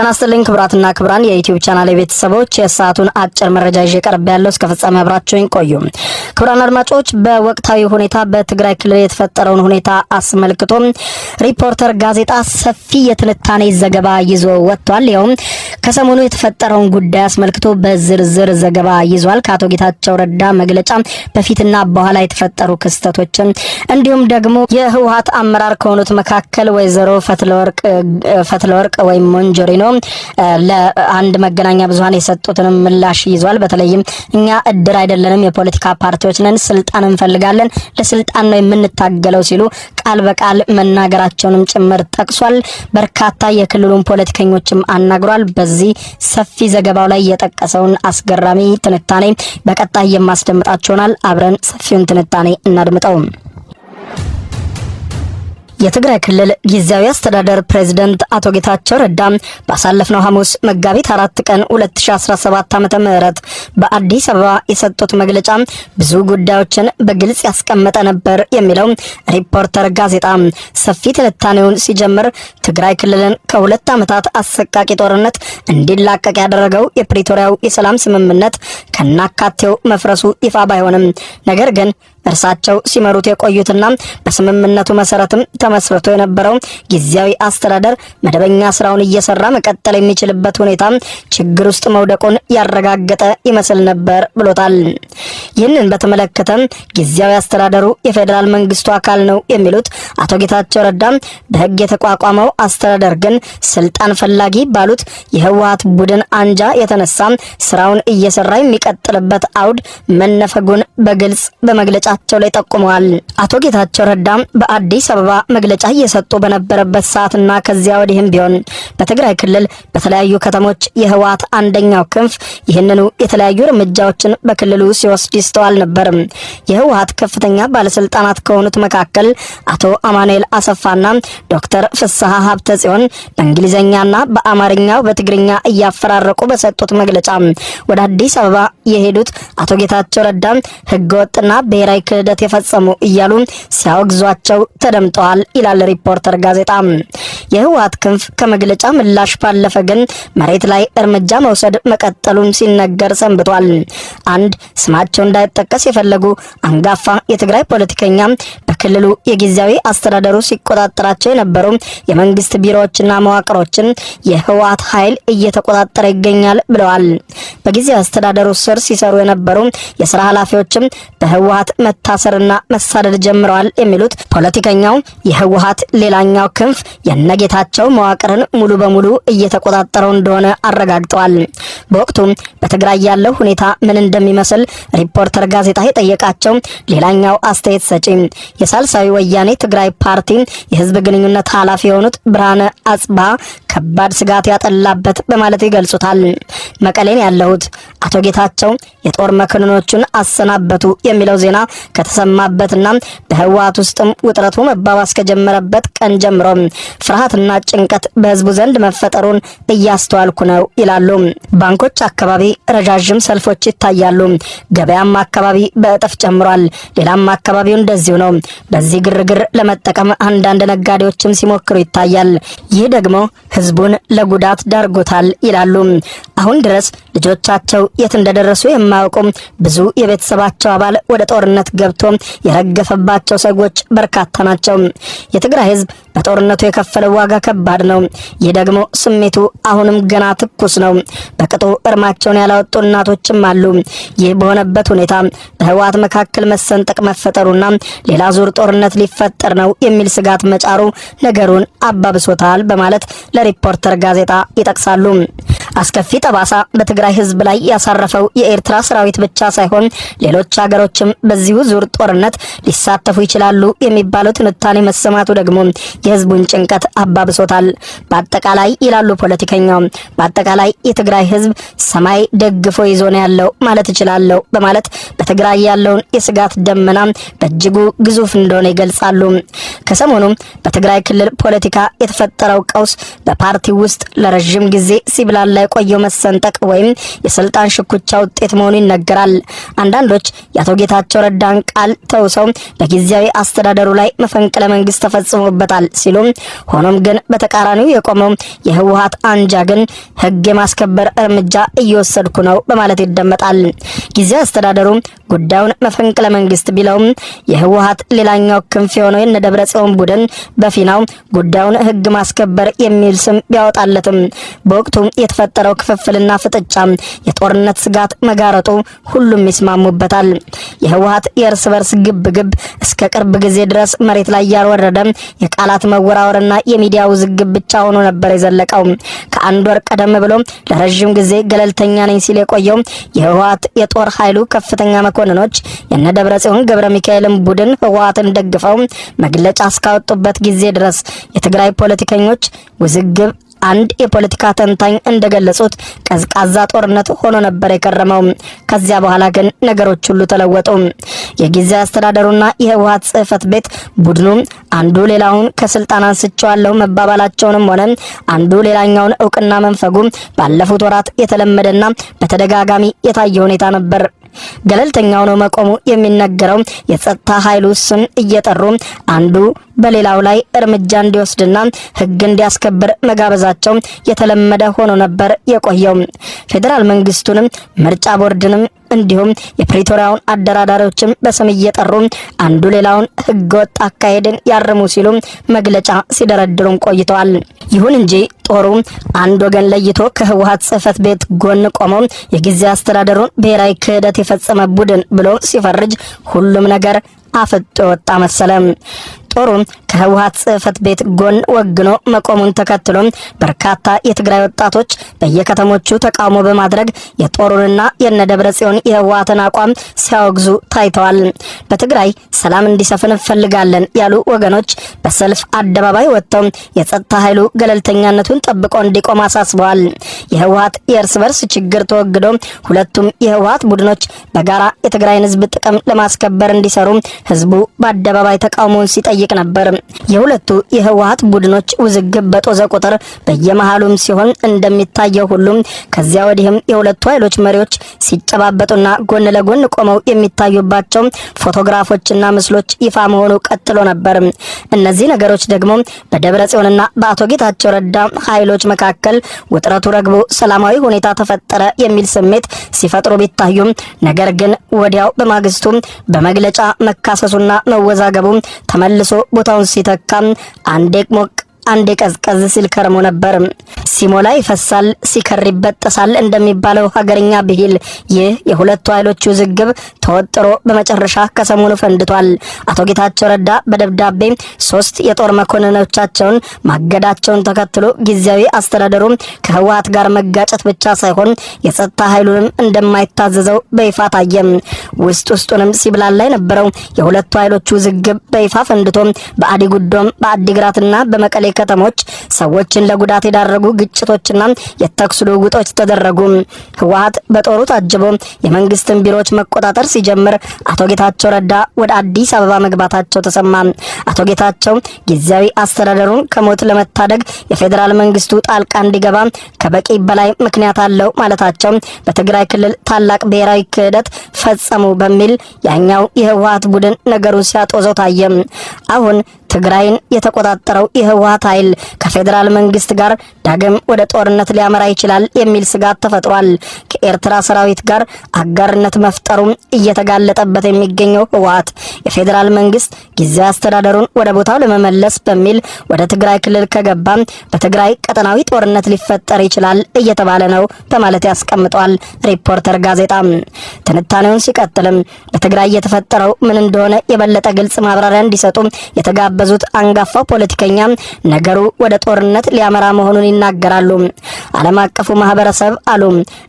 ጤና ይስጥልኝ ክቡራትና ክቡራን የዩቲዩብ ቻናል የቤተሰቦች የሰዓቱን አጭር መረጃ ይዤ ቀርብ ያለው እስከ ፍጻሜ አብራችሁኝ ቆዩ። ክብራን አድማጮች በወቅታዊ ሁኔታ በትግራይ ክልል የተፈጠረውን ሁኔታ አስመልክቶ ሪፖርተር ጋዜጣ ሰፊ የትንታኔ ዘገባ ይዞ ወጥቷል። ይኸውም ከሰሞኑ የተፈጠረውን ጉዳይ አስመልክቶ በዝርዝር ዘገባ ይዟል። ከአቶ ጌታቸው ረዳ መግለጫ በፊትና በኋላ የተፈጠሩ ክስተቶችን እንዲሁም ደግሞ የህወሀት አመራር ከሆኑት መካከል ወይዘሮ ፈትለወርቅ ወይም ሞንጆሪኖ ነው ለአንድ መገናኛ ብዙሃን የሰጡትንም ምላሽ ይዟል። በተለይም እኛ እድር አይደለንም፣ የፖለቲካ ፓርቲዎች ነን፣ ስልጣን እንፈልጋለን፣ ለስልጣን ነው የምንታገለው ሲሉ ቃል በቃል መናገራቸውንም ጭምር ጠቅሷል። በርካታ የክልሉን ፖለቲከኞችም አናግሯል። በዚህ ሰፊ ዘገባው ላይ የጠቀሰውን አስገራሚ ትንታኔ በቀጣይ ይሆናል አብረን ሰፊውን ትንታኔ እናድምጠውም። የትግራይ ክልል ጊዜያዊ አስተዳደር ፕሬዝደንት አቶ ጌታቸው ረዳ ባሳለፍነው ሐሙስ መጋቢት አራት ቀን 2017 ዓ ም በአዲስ አበባ የሰጡት መግለጫ ብዙ ጉዳዮችን በግልጽ ያስቀመጠ ነበር የሚለው ሪፖርተር ጋዜጣ ሰፊ ትንታኔውን ሲጀምር ትግራይ ክልልን ከሁለት ዓመታት አሰቃቂ ጦርነት እንዲላቀቅ ያደረገው የፕሪቶሪያው የሰላም ስምምነት ከናካቴው መፍረሱ ይፋ ባይሆንም ነገር ግን እርሳቸው ሲመሩት የቆዩትና በስምምነቱ መሰረትም ተመስርቶ የነበረው ጊዜያዊ አስተዳደር መደበኛ ስራውን እየሰራ መቀጠል የሚችልበት ሁኔታ ችግር ውስጥ መውደቁን ያረጋገጠ ይመስል ነበር ብሎታል። ይህንን በተመለከተ ጊዜያዊ አስተዳደሩ የፌዴራል መንግስቱ አካል ነው የሚሉት አቶ ጌታቸው ረዳ በህግ የተቋቋመው አስተዳደር ግን ስልጣን ፈላጊ ባሉት የህወሀት ቡድን አንጃ የተነሳ ስራውን እየሰራ የሚቀጥልበት አውድ መነፈጉን በግልጽ በመግለጫ ገጻቸው ላይ ጠቁመዋል። አቶ ጌታቸው ረዳም በአዲስ አበባ መግለጫ እየሰጡ በነበረበት ሰዓትና ከዚያ ወዲህም ቢሆን በትግራይ ክልል በተለያዩ ከተሞች የህወሓት አንደኛው ክንፍ ይህንኑ የተለያዩ እርምጃዎችን በክልሉ ሲወስድ ይስተዋል ነበር። የህወሓት ከፍተኛ ባለስልጣናት ከሆኑት መካከል አቶ አማኑኤል አሰፋና ዶክተር ፍስሐ ሀብተ ጽዮን በእንግሊዝኛና በአማርኛው በትግርኛ እያፈራረቁ በሰጡት መግለጫ ወደ አዲስ አበባ የሄዱት አቶ ጌታቸው ረዳም ህገወጥና ብሔራዊ ክህደት የፈጸሙ እያሉ ሲያወግዟቸው ተደምጠዋል ይላል ሪፖርተር ጋዜጣ። የህወሀት ክንፍ ከመግለጫ ምላሽ ባለፈ ግን መሬት ላይ እርምጃ መውሰድ መቀጠሉም ሲነገር ሰንብቷል። አንድ ስማቸው እንዳይጠቀስ የፈለጉ አንጋፋ የትግራይ ፖለቲከኛ ክልሉ የጊዜያዊ አስተዳደሩ ሲቆጣጠራቸው የነበሩ የመንግስት ቢሮዎችና መዋቅሮችን የህወሓት ኃይል እየተቆጣጠረ ይገኛል ብለዋል። በጊዜያዊ አስተዳደሩ ስር ሲሰሩ የነበሩ የስራ ኃላፊዎችም በህወሓት መታሰርና መሳደድ ጀምረዋል የሚሉት ፖለቲከኛው የህወሓት ሌላኛው ክንፍ የነጌታቸው መዋቅርን ሙሉ በሙሉ እየተቆጣጠረው እንደሆነ አረጋግጠዋል። በወቅቱ በትግራይ ያለው ሁኔታ ምን እንደሚመስል ሪፖርተር ጋዜጣ የጠየቃቸው ሌላኛው አስተያየት ሰጪ ሳልሳዊ ወያኔ ትግራይ ፓርቲ የህዝብ ግንኙነት ኃላፊ የሆኑት ብርሃነ አጽባ ከባድ ስጋት ያጠላበት በማለት ይገልጹታል። መቀሌን ያለሁት አቶ ጌታቸው የጦር መኮንኖቹን አሰናበቱ የሚለው ዜና ከተሰማበትና በህወሓት ውስጥም ውጥረቱ መባባስ ከጀመረበት ቀን ጀምሮ ፍርሃትና ጭንቀት በህዝቡ ዘንድ መፈጠሩን እያስተዋልኩ ነው ይላሉ። ባንኮች አካባቢ ረዣዥም ሰልፎች ይታያሉ። ገበያም አካባቢ በእጥፍ ጨምሯል። ሌላም አካባቢው እንደዚሁ ነው። በዚህ ግርግር ለመጠቀም አንዳንድ ነጋዴዎችም ሲሞክሩ ይታያል። ይህ ደግሞ ህዝቡን ለጉዳት ዳርጎታል ይላሉ። አሁን ድረስ ልጆቻቸው የት እንደደረሱ የማያውቁ ብዙ የቤተሰባቸው አባል ወደ ጦርነት ገብቶ የረገፈባቸው ሰዎች በርካታ ናቸው። የትግራይ ህዝብ በጦርነቱ የከፈለው ዋጋ ከባድ ነው። ይህ ደግሞ ስሜቱ አሁንም ገና ትኩስ ነው። በቅጡ እርማቸውን ያላወጡ እናቶችም አሉ። ይህ በሆነበት ሁኔታ በህወሓት መካከል መሰንጠቅ መፈጠሩና ሌላ ዙር ጦርነት ሊፈጠር ነው የሚል ስጋት መጫሩ ነገሩን አባብሶታል በማለት ለሪፖርተር ጋዜጣ ይጠቅሳሉ። አስከፊ ጠባሳ በትግራይ ህዝብ ላይ ያሳረፈው የኤርትራ ሰራዊት ብቻ ሳይሆን ሌሎች ሀገሮችም በዚሁ ዙር ጦርነት ሊሳተፉ ይችላሉ የሚባለው ትንታኔ መሰማቱ ደግሞ የህዝቡን ጭንቀት አባብሶታል። በአጠቃላይ ይላሉ ፖለቲከኛው፣ በአጠቃላይ የትግራይ ህዝብ ሰማይ ደግፎ ይዞ ነው ያለው ማለት እችላለሁ በማለት በትግራይ ያለውን የስጋት ደመና በእጅጉ ግዙፍ እንደሆነ ይገልጻሉ። ከሰሞኑ በትግራይ ክልል ፖለቲካ የተፈጠረው ቀውስ በፓርቲ ውስጥ ለረዥም ጊዜ ሲብላላ ላይ ቆየው መሰንጠቅ ወይም የስልጣን ሽኩቻ ውጤት መሆኑ ይነገራል። አንዳንዶች የአቶ ጌታቸው ረዳን ቃል ተውሰው በጊዜያዊ አስተዳደሩ ላይ መፈንቅለ መንግስት ተፈጽሞበታል ሲሉም፣ ሆኖም ግን በተቃራኒው የቆመው የህወሀት አንጃ ግን ህግ የማስከበር እርምጃ እየወሰድኩ ነው በማለት ይደመጣል። ጊዜያዊ አስተዳደሩ ጉዳዩን መፈንቅለ መንግስት ቢለውም የህወሀት ሌላኛው ክንፍ የሆነው የነደብረ ጽዮን ቡድን በፊናው ጉዳዩን ህግ ማስከበር የሚል ስም ቢያወጣለትም በወቅቱ የተፈጠረው ክፍፍልና ፍጥጫ የጦርነት ስጋት መጋረጡ ሁሉም ይስማሙበታል። የህወሀት የእርስ በርስ ግብ ግብ እስከ ቅርብ ጊዜ ድረስ መሬት ላይ ያልወረደ የቃላት መወራወርና የሚዲያ ውዝግብ ብቻ ሆኖ ነበር የዘለቀው። ከአንድ ወር ቀደም ብሎ ለረዥም ጊዜ ገለልተኛ ነኝ ሲል የቆየው የህወሀት የጦር ኃይሉ ከፍተኛ መኮ መኮንኖች የነ ደብረጽዮን ገብረ ሚካኤልን ቡድን ህወሓትን ደግፈው መግለጫ እስካወጡበት ጊዜ ድረስ የትግራይ ፖለቲከኞች ውዝግብ አንድ የፖለቲካ ተንታኝ እንደገለጹት ቀዝቃዛ ጦርነት ሆኖ ነበር የከረመው። ከዚያ በኋላ ግን ነገሮች ሁሉ ተለወጡ። የጊዜ አስተዳደሩና የህወሓት ጽህፈት ቤት ቡድኑ አንዱ ሌላውን ከስልጣን አንስቼዋለሁ መባባላቸውንም ሆነ አንዱ ሌላኛውን እውቅና መንፈጉ ባለፉት ወራት የተለመደና በተደጋጋሚ የታየ ሁኔታ ነበር። ገለልተኛ ነው መቆሙ የሚነገረው የጸጥታ ኃይሉ ስም እየጠሩ አንዱ በሌላው ላይ እርምጃ እንዲወስድና ህግ እንዲያስከብር መጋበዛቸው የተለመደ ሆኖ ነበር የቆየው። ፌዴራል መንግስቱንም ምርጫ ቦርድንም እንዲሁም የፕሪቶሪያውን አደራዳሪዎችም በስም እየጠሩ አንዱ ሌላውን ህገወጥ አካሄድን ያርሙ ሲሉ መግለጫ ሲደረድሩም ቆይተዋል። ይሁን እንጂ ጦሩ አንድ ወገን ለይቶ ከህወሀት ጽህፈት ቤት ጎን ቆሞ የጊዜ አስተዳደሩን ብሔራዊ ክህደት የፈጸመ ቡድን ብሎ ሲፈርጅ ሁሉም ነገር አፍጦ ወጣ መሰለም። ጦሩ ከህወሀት ጽህፈት ቤት ጎን ወግኖ መቆሙን ተከትሎ በርካታ የትግራይ ወጣቶች በየከተሞቹ ተቃውሞ በማድረግ የጦሩንና የነደብረ ጽዮን የህወሀትን አቋም ሲያወግዙ ታይተዋል። በትግራይ ሰላም እንዲሰፍን እንፈልጋለን ያሉ ወገኖች በሰልፍ አደባባይ ወጥተው የጸጥታ ኃይሉ ገለልተኛነቱን ጠብቆ እንዲቆም አሳስበዋል። የህወሀት የእርስ በርስ ችግር ተወግዶ ሁለቱም የህወሀት ቡድኖች በጋራ የትግራይን ህዝብ ጥቅም ለማስከበር እንዲሰሩ ህዝቡ በአደባባይ ተቃውሞውን ሲጠይቅ ይጠይቅ ነበር። የሁለቱ የህወሀት ቡድኖች ውዝግብ በጦዘ ቁጥር በየመሃሉም ሲሆን እንደሚታየው ሁሉም ከዚያ ወዲህም የሁለቱ ኃይሎች መሪዎች ሲጨባበጡና ጎን ለጎን ቆመው የሚታዩባቸው ፎቶግራፎችና ምስሎች ይፋ መሆኑ ቀጥሎ ነበር። እነዚህ ነገሮች ደግሞ በደብረ ጽዮንና በአቶ ጌታቸው ረዳ ኃይሎች መካከል ውጥረቱ ረግቦ ሰላማዊ ሁኔታ ተፈጠረ የሚል ስሜት ሲፈጥሩ ቢታዩም ነገር ግን ወዲያው በማግስቱ በመግለጫ መካሰሱና መወዛገቡ ተመልሶ ቦታውን ሲተካም አንዴ ሞቅ አንድ ቀዝቀዝ ሲል ከርሞ ነበር። ሲሞላ ይፈሳል፣ ሲከር ይበጠሳል እንደሚባለው ሀገርኛ ብሂል። ይህ የሁለቱ ኃይሎች ውዝግብ ተወጥሮ በመጨረሻ ከሰሞኑ ፈንድቷል። አቶ ጌታቸው ረዳ በደብዳቤ ሶስት የጦር መኮንኖቻቸውን ማገዳቸውን ተከትሎ ጊዜያዊ አስተዳደሩ ከህወሀት ጋር መጋጨት ብቻ ሳይሆን የጸጥታ ኃይሉንም እንደማይታዘዘው በይፋ ታየም። ውስጥ ውስጡንም ሲብላላ የነበረው የሁለቱ ኃይሎች ውዝግብ በይፋ ፈንድቶ በአዲ ጉዶም በአዲግራትና በመቀሌ ከተሞች ሰዎችን ለጉዳት የዳረጉ ግጭቶችና የተኩስ ልውውጦች ተደረጉ። ህወሓት በጦሩ ታጅቦ የመንግስትን ቢሮዎች መቆጣጠር ሲጀምር አቶ ጌታቸው ረዳ ወደ አዲስ አበባ መግባታቸው ተሰማ። አቶ ጌታቸው ጊዜያዊ አስተዳደሩን ከሞት ለመታደግ የፌዴራል መንግስቱ ጣልቃ እንዲገባ ከበቂ በላይ ምክንያት አለው ማለታቸው በትግራይ ክልል ታላቅ ብሔራዊ ክህደት ፈጸሙ በሚል ያኛው የህወሀት ቡድን ነገሩን ሲያጦዘው ታየም። አሁን ትግራይን የተቆጣጠረው የህወሀት ኃይል ከፌዴራል መንግስት ጋር ዳግም ወደ ጦርነት ሊያመራ ይችላል የሚል ስጋት ተፈጥሯል። ከኤርትራ ሰራዊት ጋር አጋርነት መፍጠሩም እየተጋለጠበት የሚገኘው ህወሀት የፌዴራል መንግስት ጊዜ አስተዳደሩን ወደ ቦታው ለመመለስ በሚል ወደ ትግራይ ክልል ከገባ በትግራይ ቀጠናዊ ጦርነት ሊፈጠር ይችላል እየተባለ ነው በማለት ያስቀምጧል ሪፖርተር ጋዜጣ። ትንታኔውን ሲቀጥልም በትግራይ የተፈጠረው ምን እንደሆነ የበለጠ ግልጽ ማብራሪያ እንዲሰጡ የተጋበ የጋበዙት አንጋፋው ፖለቲከኛ ነገሩ ወደ ጦርነት ሊያመራ መሆኑን ይናገራሉ። ዓለም አቀፉ ማህበረሰብ አሉ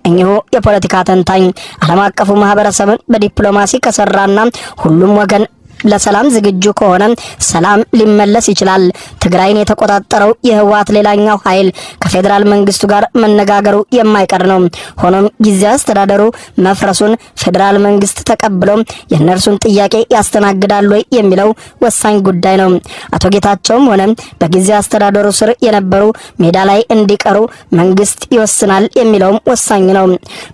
እኚሁ የፖለቲካ ተንታኝ ዓለም አቀፉ ማህበረሰብን በዲፕሎማሲ ከሰራና ሁሉም ወገን ለሰላም ዝግጁ ከሆነ ሰላም ሊመለስ ይችላል። ትግራይን የተቆጣጠረው የህወሓት ሌላኛው ኃይል ከፌዴራል መንግስቱ ጋር መነጋገሩ የማይቀር ነው። ሆኖም ጊዜያዊ አስተዳደሩ መፍረሱን ፌዴራል መንግስት ተቀብሎ የእነርሱን ጥያቄ ያስተናግዳል ወይ የሚለው ወሳኝ ጉዳይ ነው። አቶ ጌታቸውም ሆነ በጊዜያዊ አስተዳደሩ ስር የነበሩ ሜዳ ላይ እንዲቀሩ መንግስት ይወስናል የሚለውም ወሳኝ ነው።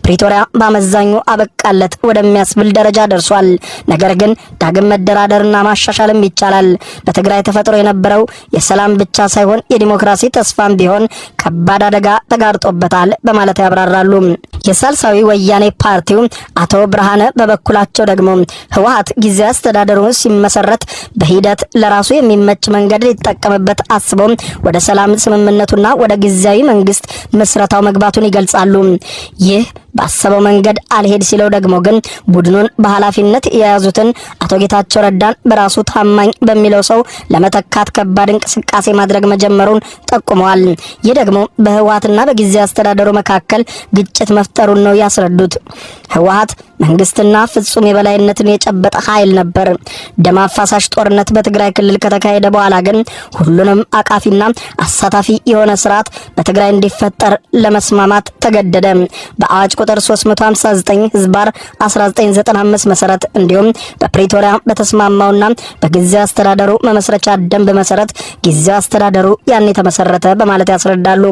ፕሪቶሪያ በአመዛኙ አበቃለት ወደሚያስብል ደረጃ ደርሷል። ነገር ግን ዳግም መደ መደራደርና ማሻሻልም ይቻላል። በትግራይ ተፈጥሮ የነበረው የሰላም ብቻ ሳይሆን የዲሞክራሲ ተስፋም ቢሆን ከባድ አደጋ ተጋርጦበታል በማለት ያብራራሉ። የሳልሳዊ ወያኔ ፓርቲው አቶ ብርሃነ በበኩላቸው ደግሞ ህወሀት ጊዜ አስተዳደሩን ሲመሰረት በሂደት ለራሱ የሚመች መንገድ ሊጠቀምበት አስቦ ወደ ሰላም ስምምነቱና ወደ ጊዜያዊ መንግስት ምስረታው መግባቱን ይገልጻሉ። ይህ ባሰበው መንገድ አልሄድ ሲለው ደግሞ ግን ቡድኑን በኃላፊነት የያዙትን አቶ ጌታቸው ረዳን በራሱ ታማኝ በሚለው ሰው ለመተካት ከባድ እንቅስቃሴ ማድረግ መጀመሩን ጠቁመዋል። ይህ ደግሞ በህወሀትና በጊዜ አስተዳደሩ መካከል ግጭት መፍጠሩን ነው ያስረዱት። ህወሀት መንግስትና ፍጹም የበላይነትን የጨበጠ ኃይል ነበር። ደም አፋሳሽ ጦርነት በትግራይ ክልል ከተካሄደ በኋላ ግን ሁሉንም አቃፊና አሳታፊ የሆነ ስርዓት በትግራይ እንዲፈጠር ለመስማማት ተገደደ። በአዋጅ ቁጥር 359 ህዝባር 1995 መሰረት እንዲሁም በፕሪቶሪያ በተስማማውና በጊዜያዊ አስተዳደሩ መመስረቻ ደንብ መሰረት ጊዜ አስተዳደሩ ያን የተመሰረተ በማለት ያስረዳሉ።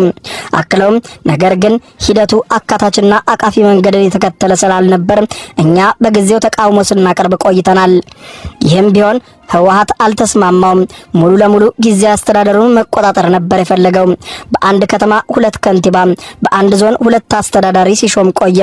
አክለውም ነገር ግን ሂደቱ አካታችና አቃፊ መንገድን የተከተለ ስላልነበር እኛ በጊዜው ተቃውሞ ስናቀርብ ቆይተናል። ይህም ቢሆን ህወሀት አልተስማማውም። ሙሉ ለሙሉ ጊዜ አስተዳደሩን መቆጣጠር ነበር የፈለገው። በአንድ ከተማ ሁለት ከንቲባ፣ በአንድ ዞን ሁለት አስተዳዳሪ ሲሾም ቆየ።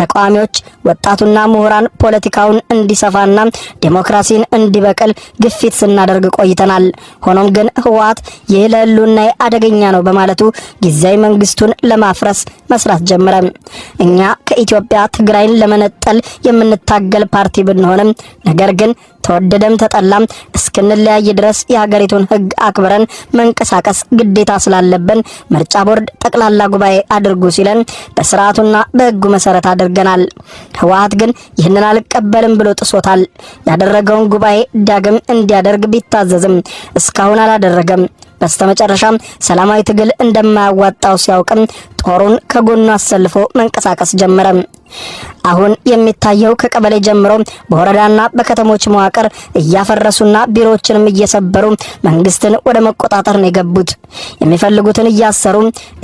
ተቃዋሚዎች ወጣቱና ምሁራን ፖለቲካውን እንዲሰፋና ዴሞክራሲን እንዲበቅል ግፊት ስናደርግ ቆይተናል። ሆኖም ግን ህወሀት ይህ ለህልውናዬ አደገኛ ነው በማለቱ ጊዜያዊ መንግስቱን ለማፍረስ መስራት ጀመረ። እኛ ከኢትዮጵያ ትግራይን ለመነጠል የምንታገል ፓርቲ ብንሆንም ነገር ግን ተወደደም ተጠላም እስክንለያይ ድረስ የሀገሪቱን ሕግ አክብረን መንቀሳቀስ ግዴታ ስላለብን ምርጫ ቦርድ ጠቅላላ ጉባኤ አድርጉ ሲለን በስርዓቱና በሕጉ መሰረት አድርገናል። ህወሓት ግን ይህንን አልቀበልም ብሎ ጥሶታል። ያደረገውን ጉባኤ ዳግም እንዲያደርግ ቢታዘዝም እስካሁን አላደረገም። በስተመጨረሻም ሰላማዊ ትግል እንደማያዋጣው ሲያውቅም ጦሩን ከጎኑ አሰልፎ መንቀሳቀስ ጀመረ። አሁን የሚታየው ከቀበሌ ጀምሮ በወረዳና በከተሞች መዋቅር እያፈረሱና ቢሮዎችንም እየሰበሩ መንግስትን ወደ መቆጣጠር ነው የገቡት። የሚፈልጉትን እያሰሩ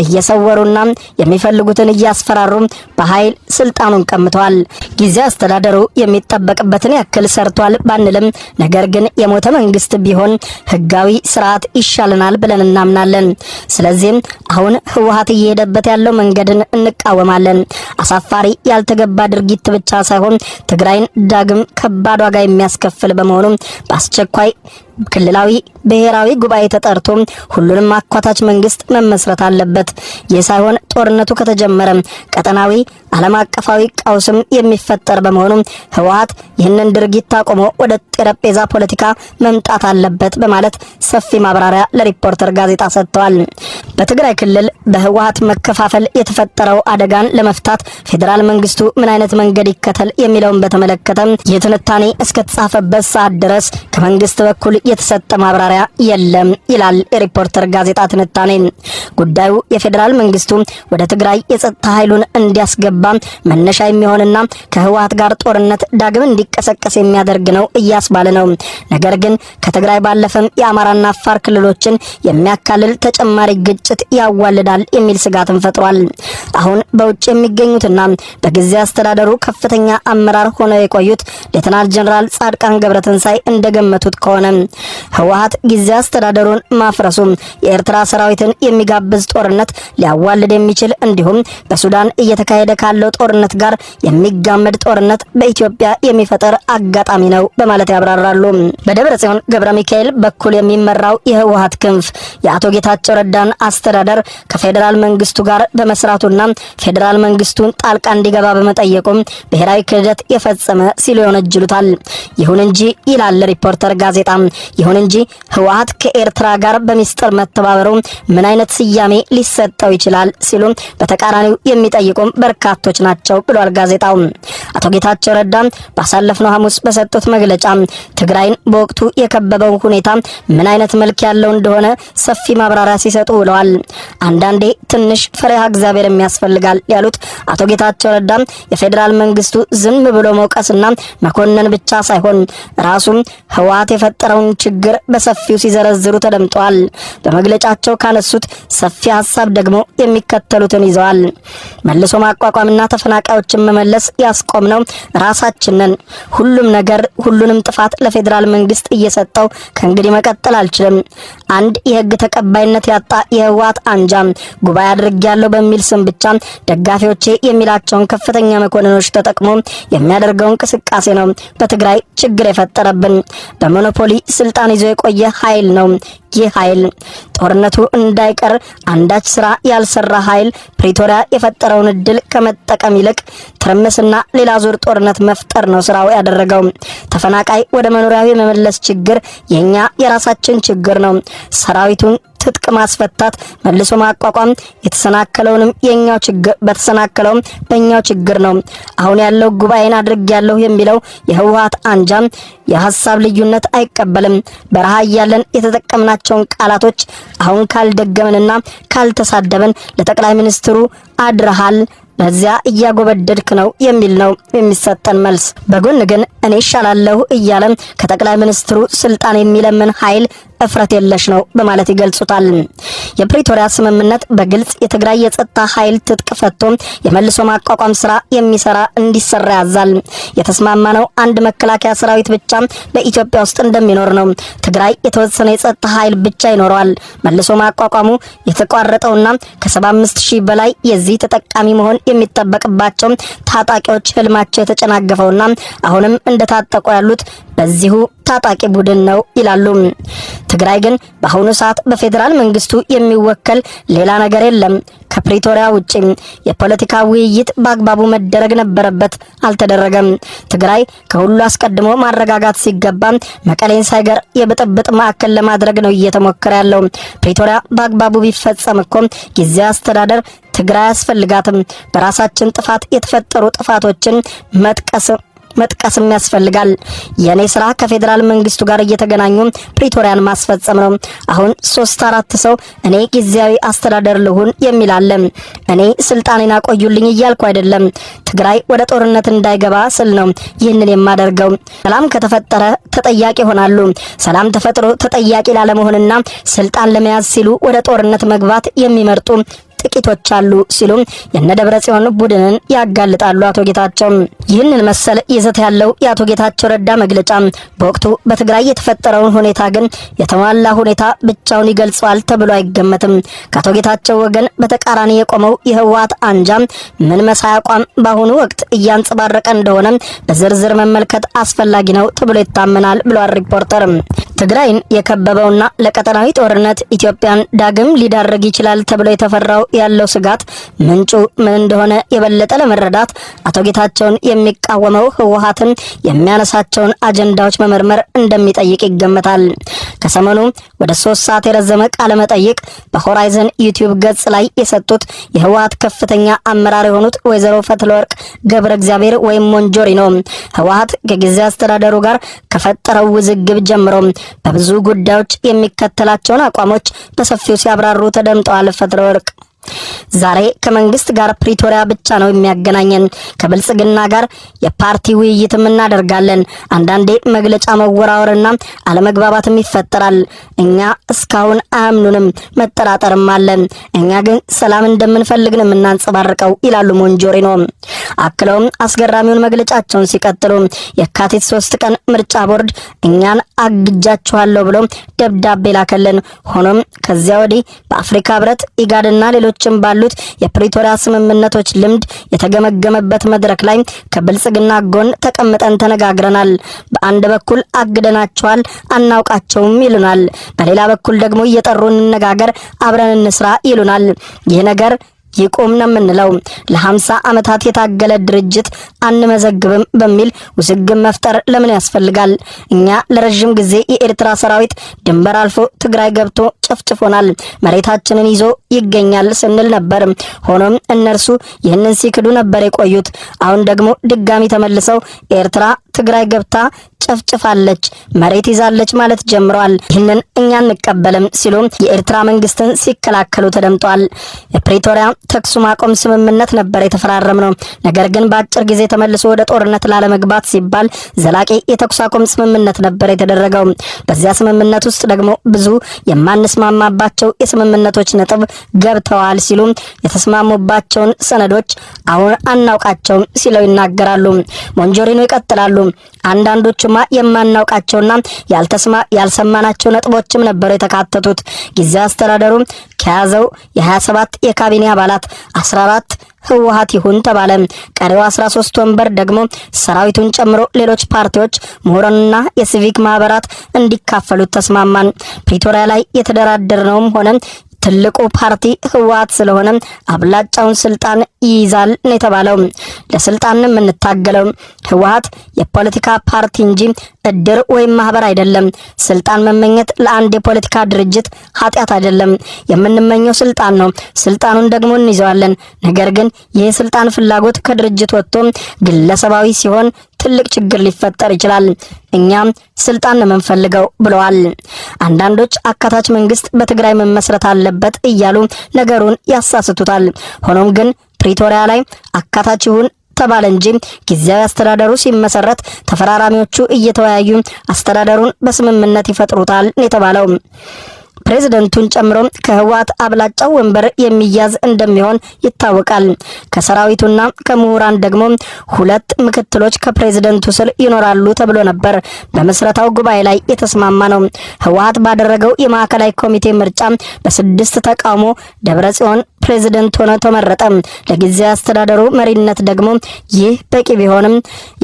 እየሰወሩና የሚፈልጉትን እያስፈራሩ በኃይል ስልጣኑን ቀምተዋል። ጊዜ አስተዳደሩ የሚጠበቅበትን ያክል ሰርቷል ባንልም፣ ነገር ግን የሞተ መንግስት ቢሆን ህጋዊ ስርዓት ይሻልናል ብለን እናምናለን። ስለዚህም አሁን ህወሀት እየሄደበት ያለው መንገድን እንቃወማለን። አሳፋሪ ያልተገባ ድርጊት ብቻ ሳይሆን ትግራይን ዳግም ከባድ ዋጋ የሚያስከፍል በመሆኑ በአስቸኳይ ክልላዊ ብሔራዊ ጉባኤ ተጠርቶ ሁሉንም አኳታች መንግስት መመስረት አለበት። ይህ ሳይሆን ጦርነቱ ከተጀመረ ቀጠናዊ ዓለም አቀፋዊ ቀውስም የሚፈጠር በመሆኑ ህወሓት ይህንን ድርጊት አቆሞ ወደ ጠረጴዛ ፖለቲካ መምጣት አለበት በማለት ሰፊ ማብራሪያ ለሪፖርተር ጋዜጣ ሰጥተዋል። በትግራይ ክልል በህወሓት መከፋፈል የተፈጠረው አደጋን ለመፍታት ፌዴራል መንግስቱ ምን አይነት መንገድ ይከተል የሚለውን በተመለከተ የትንታኔ እስከተጻፈበት ሰዓት ድረስ ከመንግስት በኩል የተሰጠ ማብራሪያ የለም ይላል የሪፖርተር ጋዜጣ ትንታኔ። ጉዳዩ የፌዴራል መንግስቱ ወደ ትግራይ የጸጥታ ኃይሉን እንዲያስገባ መነሻ የሚሆንና ከህወሀት ጋር ጦርነት ዳግም እንዲቀሰቀስ የሚያደርግ ነው እያስባለ ነው። ነገር ግን ከትግራይ ባለፈም የአማራና አፋር ክልሎችን የሚያካልል ተጨማሪ ግጭት ያዋልዳል የሚል ስጋትን ፈጥሯል። አሁን በውጭ የሚገኙትና በጊዜ አስተዳደሩ ከፍተኛ አመራር ሆነው የቆዩት ሌተናል ጀነራል ጻድቃን ገብረትንሳይ እንደገመቱት ከሆነ ህወሀት ጊዜ አስተዳደሩን ማፍረሱ የኤርትራ ሰራዊትን የሚጋብዝ ጦርነት ሊያዋልድ የሚችል እንዲሁም በሱዳን እየተካሄደ ካለው ጦርነት ጋር የሚጋመድ ጦርነት በኢትዮጵያ የሚፈጠር አጋጣሚ ነው በማለት ያብራራሉ። በደብረ ጽዮን ገብረ ሚካኤል በኩል የሚመራው የህወሀት ክንፍ የአቶ ጌታቸው ረዳን አስተዳደር ከፌዴራል መንግስቱ ጋር በመስራቱና ፌዴራል መንግስቱን ጣልቃ እንዲገባ በመጠየቁም ብሔራዊ ክህደት የፈጸመ ሲሉ ይወነጅሉታል። ይሁን እንጂ ይላል ሪፖርተር ጋዜጣ ይሁን እንጂ ህወሓት ከኤርትራ ጋር በሚስጥር መተባበሩ ምን አይነት ስያሜ ሊሰጠው ይችላል ሲሉ በተቃራኒው የሚጠይቁም በርካቶች ናቸው ብሏል ጋዜጣው። አቶ ጌታቸው ረዳ ባሳለፍነው ሐሙስ በሰጡት መግለጫ ትግራይን በወቅቱ የከበበው ሁኔታ ምን አይነት መልክ ያለው እንደሆነ ሰፊ ማብራሪያ ሲሰጡ ብለዋል። አንዳንዴ ትንሽ ፈሪሃ እግዚአብሔር የሚያስፈልጋል ያሉት አቶ ጌታቸው ረዳ የፌዴራል መንግስቱ ዝም ብሎ መውቀስና መኮንን ብቻ ሳይሆን ራሱም ህወሓት የፈጠረውን ችግር በሰፊው ሲዘረዝሩ ተደምጠዋል። በመግለጫቸው ካነሱት ሰፊ ሀሳብ ደግሞ የሚከተሉትን ይዘዋል። መልሶ ማቋቋምና ተፈናቃዮችን መመለስ ያስቆምነው ራሳችንን። ሁሉም ነገር ሁሉንም ጥፋት ለፌዴራል መንግስት እየሰጠው ከእንግዲህ መቀጠል አልችልም። አንድ የህግ ተቀባይነት ያጣ የህወሓት አንጃ ጉባኤ አድርጌያለሁ በሚል ስም ብቻ ደጋፊዎቼ የሚላቸውን ከፍተኛ መኮንኖች ተጠቅሞ የሚያደርገው እንቅስቃሴ ነው በትግራይ ችግር የፈጠረብን በሞኖፖሊ ስልጣን ይዞ የቆየ ኃይል ነው። ይህ ኃይል ጦርነቱ እንዳይቀር አንዳች ስራ ያልሰራ ኃይል ፕሪቶሪያ የፈጠረውን እድል ከመጠቀም ይልቅ ትርምስና ሌላ ዙር ጦርነት መፍጠር ነው ስራው ያደረገው። ተፈናቃይ ወደ መኖሪያው የመመለስ ችግር የኛ የራሳችን ችግር ነው። ሰራዊቱን ትጥቅ ማስፈታት፣ መልሶ ማቋቋም የተሰናከለውንም የኛው ችግር በተሰናከለውም በእኛው ችግር ነው። አሁን ያለው ጉባኤን ያለው የሚለው የህወሀት አንጃም የሀሳብ ልዩነት አይቀበልም። በረሃ እያለን የተጠቀምናቸውን ቃላቶች አሁን ካልደገምንና ካልተሳደበን ለጠቅላይ ሚኒስትሩ አድረሃል በዚያ እያጎበደድክ ነው የሚል ነው የሚሰጠን መልስ። በጎን ግን እኔ ይሻላለሁ እያለ ከጠቅላይ ሚኒስትሩ ስልጣን የሚለምን ኃይል እፍረት የለሽ ነው በማለት ይገልጹታል። የፕሪቶሪያ ስምምነት በግልጽ የትግራይ የጸጥታ ኃይል ትጥቅ ፈቶ የመልሶ ማቋቋም ስራ የሚሰራ እንዲሰራ ያዛል። የተስማማነው አንድ መከላከያ ሰራዊት ብቻ በኢትዮጵያ ውስጥ እንደሚኖር ነው። ትግራይ የተወሰነ የጸጥታ ኃይል ብቻ ይኖረዋል። መልሶ ማቋቋሙ የተቋረጠውና ከ 75000 ሺህ በላይ የዚህ ተጠቃሚ መሆን የሚጠበቅባቸው ታጣቂዎች ህልማቸው የተጨናገፈውና አሁንም እንደታጠቁ ያሉት በዚሁ ታጣቂ ቡድን ነው ይላሉ። ትግራይ ግን በአሁኑ ሰዓት በፌዴራል መንግስቱ የሚወከል ሌላ ነገር የለም። ከፕሪቶሪያ ውጪ የፖለቲካ ውይይት በአግባቡ መደረግ ነበረበት፣ አልተደረገም። ትግራይ ከሁሉ አስቀድሞ ማረጋጋት ሲገባ መቀሌን ሳይገር የብጥብጥ ማዕከል ለማድረግ ነው እየተሞከረ ያለው። ፕሪቶሪያ በአግባቡ ቢፈጸም እኮ ጊዜያዊ አስተዳደር ትግራይ አያስፈልጋትም። በራሳችን ጥፋት የተፈጠሩ ጥፋቶችን መጥቀስ መጥቀስም ያስፈልጋል። የኔ ስራ ከፌዴራል መንግስቱ ጋር እየተገናኙ ፕሪቶሪያን ማስፈጸም ነው። አሁን ሶስት አራት ሰው እኔ ጊዜያዊ አስተዳደር ልሁን የሚል አለ። እኔ ስልጣኔን አቆዩልኝ እያልኩ አይደለም። ትግራይ ወደ ጦርነት እንዳይገባ ስል ነው ይህንን የማደርገው። ሰላም ከተፈጠረ ተጠያቂ ይሆናሉ። ሰላም ተፈጥሮ ተጠያቂ ላለመሆንና ስልጣን ለመያዝ ሲሉ ወደ ጦርነት መግባት የሚመርጡ ጥቂቶች አሉ ሲሉ የነደብረ ጽዮን ቡድንን ያጋልጣሉ አቶ ጌታቸው። ይህንን መሰል ይዘት ያለው የአቶ ጌታቸው ረዳ መግለጫ በወቅቱ በትግራይ የተፈጠረውን ሁኔታ ግን የተሟላ ሁኔታ ብቻውን ይገልጸዋል ተብሎ አይገመትም። ከአቶ ጌታቸው ወገን በተቃራኒ የቆመው የህወሓት አንጃ ምን መሳይ አቋም በአሁኑ ወቅት እያንጸባረቀ እንደሆነ በዝርዝር መመልከት አስፈላጊ ነው ተብሎ ይታመናል ብሏል ሪፖርተር። ትግራይን የከበበውና ለቀጠናዊ ጦርነት ኢትዮጵያን ዳግም ሊዳረግ ይችላል ተብሎ የተፈራው ያለው ስጋት ምንጩ ምን እንደሆነ የበለጠ ለመረዳት አቶ ጌታቸውን የሚቃወመው ህወሀትን የሚያነሳቸውን አጀንዳዎች መመርመር እንደሚጠይቅ ይገመታል። ከሰሞኑ ወደ ሶስት ሰዓት የረዘመ ቃለ መጠይቅ በሆራይዘን ዩቲዩብ ገጽ ላይ የሰጡት የህወሀት ከፍተኛ አመራር የሆኑት ወይዘሮ ፈትለወርቅ ገብረ እግዚአብሔር ወይም ሞንጆሪ ነው። ህወሀት ከጊዜ አስተዳደሩ ጋር ከፈጠረው ውዝግብ ጀምሮ በብዙ ጉዳዮች የሚከተላቸውን አቋሞች በሰፊው ሲያብራሩ ተደምጠዋል። ፈትለወርቅ ዛሬ ከመንግስት ጋር ፕሪቶሪያ ብቻ ነው የሚያገናኘን። ከብልጽግና ጋር የፓርቲ ውይይትም እናደርጋለን። አንዳንዴ መግለጫ መወራወርና አለመግባባትም ይፈጠራል። እኛ እስካሁን አያምኑንም፣ መጠራጠርም አለን። እኛ ግን ሰላም እንደምንፈልግ ነው የምናንጸባርቀው ይላሉ ሞንጆሪኖ። አክለውም አስገራሚውን መግለጫቸውን ሲቀጥሉ የካቲት ሶስት ቀን ምርጫ ቦርድ እኛን አግጃችኋለሁ ብሎ ደብዳቤ ላከልን። ሆኖም ከዚያ ወዲህ በአፍሪካ ህብረት ኢጋድና ሌሎችም ባሉት የፕሪቶሪያ ስምምነቶች ልምድ የተገመገመበት መድረክ ላይ ከብልጽግና ጎን ተቀምጠን ተነጋግረናል። በአንድ በኩል አግደናቸዋል፣ አናውቃቸውም ይሉናል። በሌላ በኩል ደግሞ እየጠሩ እንነጋገር፣ አብረን እንስራ ይሉናል። ይህ ነገር ይቁም ነው የምንለው። ለሀምሳ ዓመታት የታገለ ድርጅት አንመዘግብም በሚል ውዝግብ መፍጠር ለምን ያስፈልጋል? እኛ ለረዥም ጊዜ የኤርትራ ሰራዊት ድንበር አልፎ ትግራይ ገብቶ ጨፍጭፎናል፣ መሬታችንን ይዞ ይገኛል ስንል ነበር። ሆኖም እነርሱ ይህንን ሲክዱ ነበር የቆዩት። አሁን ደግሞ ድጋሚ ተመልሰው ኤርትራ ትግራይ ገብታ ጨፍጭፋለች፣ መሬት ይዛለች ማለት ጀምሯል። ይህንን እኛ አንቀበልም ሲሉ የኤርትራ መንግስትን ሲከላከሉ ተደምጧል። የፕሪቶሪያ ተኩስ ማቆም ስምምነት ነበር የተፈራረም ነው። ነገር ግን በአጭር ጊዜ ተመልሶ ወደ ጦርነት ላለመግባት ሲባል ዘላቂ የተኩስ አቁም ስምምነት ነበር የተደረገው። በዚያ ስምምነት ውስጥ ደግሞ ብዙ የማንስማማባቸው የስምምነቶች ነጥብ ገብተዋል ሲሉ የተስማሙባቸውን ሰነዶች አሁን አናውቃቸውም ሲለው ይናገራሉ። ሞንጆሪኖ ይቀጥላሉ። አንዳንዶቹማ የማናውቃቸውና ያልተስማ ያልሰማናቸው ነጥቦችም ነበሩ የተካተቱት። ጊዜ አስተዳደሩ ከያዘው የ27 የካቢኔ አባላት 14 ህወሀት ይሁን ተባለ። ቀሪው 13 ወንበር ደግሞ ሰራዊቱን ጨምሮ ሌሎች ፓርቲዎች፣ ምሁራንና የሲቪክ ማህበራት እንዲካፈሉት ተስማማን። ፕሪቶሪያ ላይ የተደራደርነውም ሆነ ትልቁ ፓርቲ ህወሓት ስለሆነ አብላጫውን ስልጣን ይይዛል ነው የተባለው። ለስልጣን የምንታገለው ህወሓት የፖለቲካ ፓርቲ እንጂ እድር ወይም ማህበር አይደለም። ስልጣን መመኘት ለአንድ የፖለቲካ ድርጅት ኃጢአት አይደለም። የምንመኘው ስልጣን ነው። ስልጣኑን ደግሞ እንይዘዋለን። ነገር ግን ይህ ስልጣን ፍላጎት ከድርጅት ወጥቶ ግለሰባዊ ሲሆን ትልቅ ችግር ሊፈጠር ይችላል። እኛም ስልጣን ነው የምንፈልገው ብለዋል። አንዳንዶች አካታች መንግስት በትግራይ መመስረት አለበት እያሉ ነገሩን ያሳስቱታል። ሆኖም ግን ፕሪቶሪያ ላይ አካታች ይሁን ተባለ እንጂ ጊዜያዊ አስተዳደሩ ሲመሰረት ተፈራራሚዎቹ እየተወያዩ አስተዳደሩን በስምምነት ይፈጥሩታል የተባለው ፕሬዝደንቱን ጨምሮ ከህወሓት አብላጫው ወንበር የሚያዝ እንደሚሆን ይታወቃል። ከሰራዊቱና ከምሁራን ደግሞ ሁለት ምክትሎች ከፕሬዝደንቱ ስር ይኖራሉ ተብሎ ነበር በምስረታው ጉባኤ ላይ የተስማማ ነው። ህወሓት ባደረገው የማዕከላዊ ኮሚቴ ምርጫ በስድስት ተቃውሞ ደብረ ጽዮን ፕሬዝደንት ሆነ ተመረጠ። ለጊዜ አስተዳደሩ መሪነት ደግሞ ይህ በቂ ቢሆንም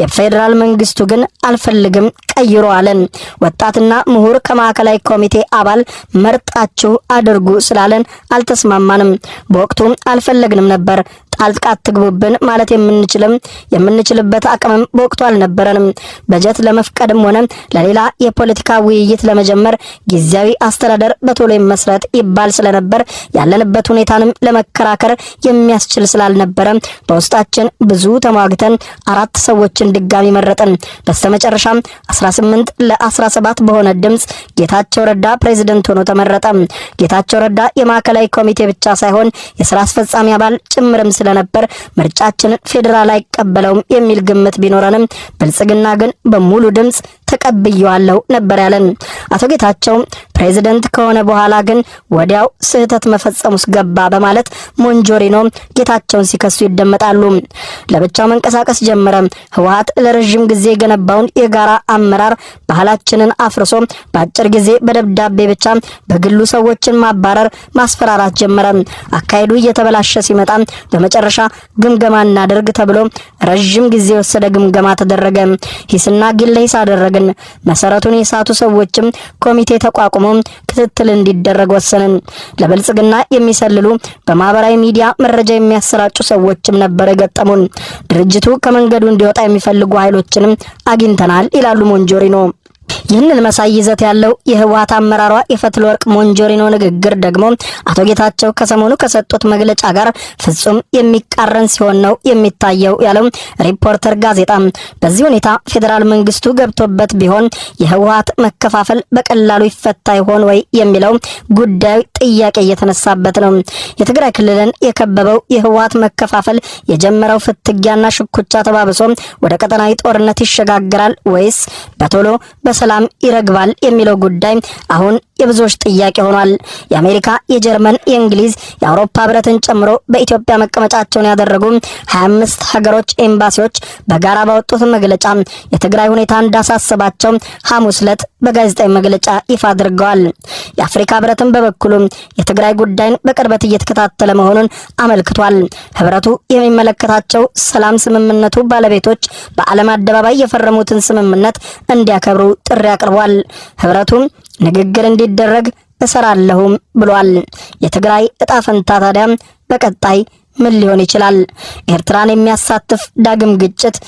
የፌዴራል መንግስቱ ግን አልፈልግም ቀይሮ አለን። ወጣትና ምሁር ከማዕከላዊ ኮሚቴ አባል መርጣችሁ አድርጉ ስላለን አልተስማማንም። በወቅቱ አልፈለግንም ነበር ጣልቃ ትግቡብን ማለት የምንችልም የምንችልበት አቅምም በወቅቱ አልነበረንም። በጀት ለመፍቀድም ሆነ ለሌላ የፖለቲካ ውይይት ለመጀመር ጊዜያዊ አስተዳደር በቶሎ መስረት ይባል ስለነበር ያለንበት ሁኔታንም ለመከራከር የሚያስችል ስላልነበረ በውስጣችን ብዙ ተሟግተን አራት ሰዎችን ድጋሚ መረጥን። በስተመጨረሻም 18 ለ17 በሆነ ድምጽ ጌታቸው ረዳ ፕሬዝደንት ሆኖ ተመረጠ። ጌታቸው ረዳ የማዕከላዊ ኮሚቴ ብቻ ሳይሆን የስራ አስፈጻሚ አባል ጭምርም ስለ ስለነበር ምርጫችን ፌዴራል አይቀበለውም የሚል ግምት ቢኖረንም ብልጽግና ግን በሙሉ ድምፅ ተቀብየዋለሁ ነበር ያለን። አቶ ጌታቸው ፕሬዚደንት ከሆነ በኋላ ግን ወዲያው ስህተት መፈጸም ውስጥ ገባ በማለት ሞንጆሪኖ ጌታቸውን ሲከሱ ይደመጣሉ። ለብቻው መንቀሳቀስ ጀመረ። ህወሀት ለረዥም ጊዜ የገነባውን የጋራ አመራር ባህላችንን አፍርሶ በአጭር ጊዜ በደብዳቤ ብቻ በግሉ ሰዎችን ማባረር፣ ማስፈራራት ጀመረ። አካሄዱ እየተበላሸ ሲመጣ በመጨረሻ ግምገማ እናደርግ ተብሎ ረዥም ጊዜ የወሰደ ግምገማ ተደረገ። ሂስና ግለ ሂስ አደረግን። መሰረቱን የሳቱ ሰዎችም ኮሚቴ ተቋቁሞ ክትትል እንዲደረግ ወሰንን። ለብልጽግና የሚሰልሉ በማህበራዊ ሚዲያ መረጃ የሚያሰራጩ ሰዎችም ነበር የገጠሙን። ድርጅቱ ከመንገዱ እንዲወጣ የሚፈልጉ ኃይሎችንም አግኝተናል ይላሉ ሞንጆሪኖ። ይህንን መሳይ ይዘት ያለው የህወሀት አመራሯ የፈትል ወርቅ ሞንጆሪኖ ንግግር ደግሞ አቶ ጌታቸው ከሰሞኑ ከሰጡት መግለጫ ጋር ፍጹም የሚቃረን ሲሆን ነው የሚታየው ያለው ሪፖርተር ጋዜጣ። በዚህ ሁኔታ ፌዴራል መንግስቱ ገብቶበት ቢሆን የህወሀት መከፋፈል በቀላሉ ይፈታ ይሆን ወይ የሚለው ጉዳዩ ጥያቄ እየተነሳበት ነው። የትግራይ ክልልን የከበበው የህወሀት መከፋፈል የጀመረው ፍትጊያና ሽኩቻ ተባብሶ ወደ ቀጠናዊ ጦርነት ይሸጋግራል ወይስ በቶሎ በሰላም ይረግባል የሚለው ጉዳይ አሁን የብዙዎች ጥያቄ ሆኗል። የአሜሪካ፣ የጀርመን፣ የእንግሊዝ፣ የአውሮፓ ህብረትን ጨምሮ በኢትዮጵያ መቀመጫቸውን ያደረጉ 25 ሀገሮች ኤምባሲዎች በጋራ ባወጡት መግለጫ የትግራይ ሁኔታ እንዳሳሰባቸው ሐሙስ ዕለት በጋዜጣዊ መግለጫ ይፋ አድርገዋል። የአፍሪካ ህብረትን በበኩሉ የትግራይ ጉዳይን በቅርበት እየተከታተለ መሆኑን አመልክቷል። ህብረቱ የሚመለከታቸው ሰላም ስምምነቱ ባለቤቶች በዓለም አደባባይ የፈረሙትን ስምምነት እንዲያከብሩ ጥሪ አቅርቧል። ህብረቱ ንግግር እንዲደረግ እሰራለሁም ብሏል። የትግራይ እጣ ፈንታ ታዲያም በቀጣይ ምን ሊሆን ይችላል? ኤርትራን የሚያሳትፍ ዳግም ግጭት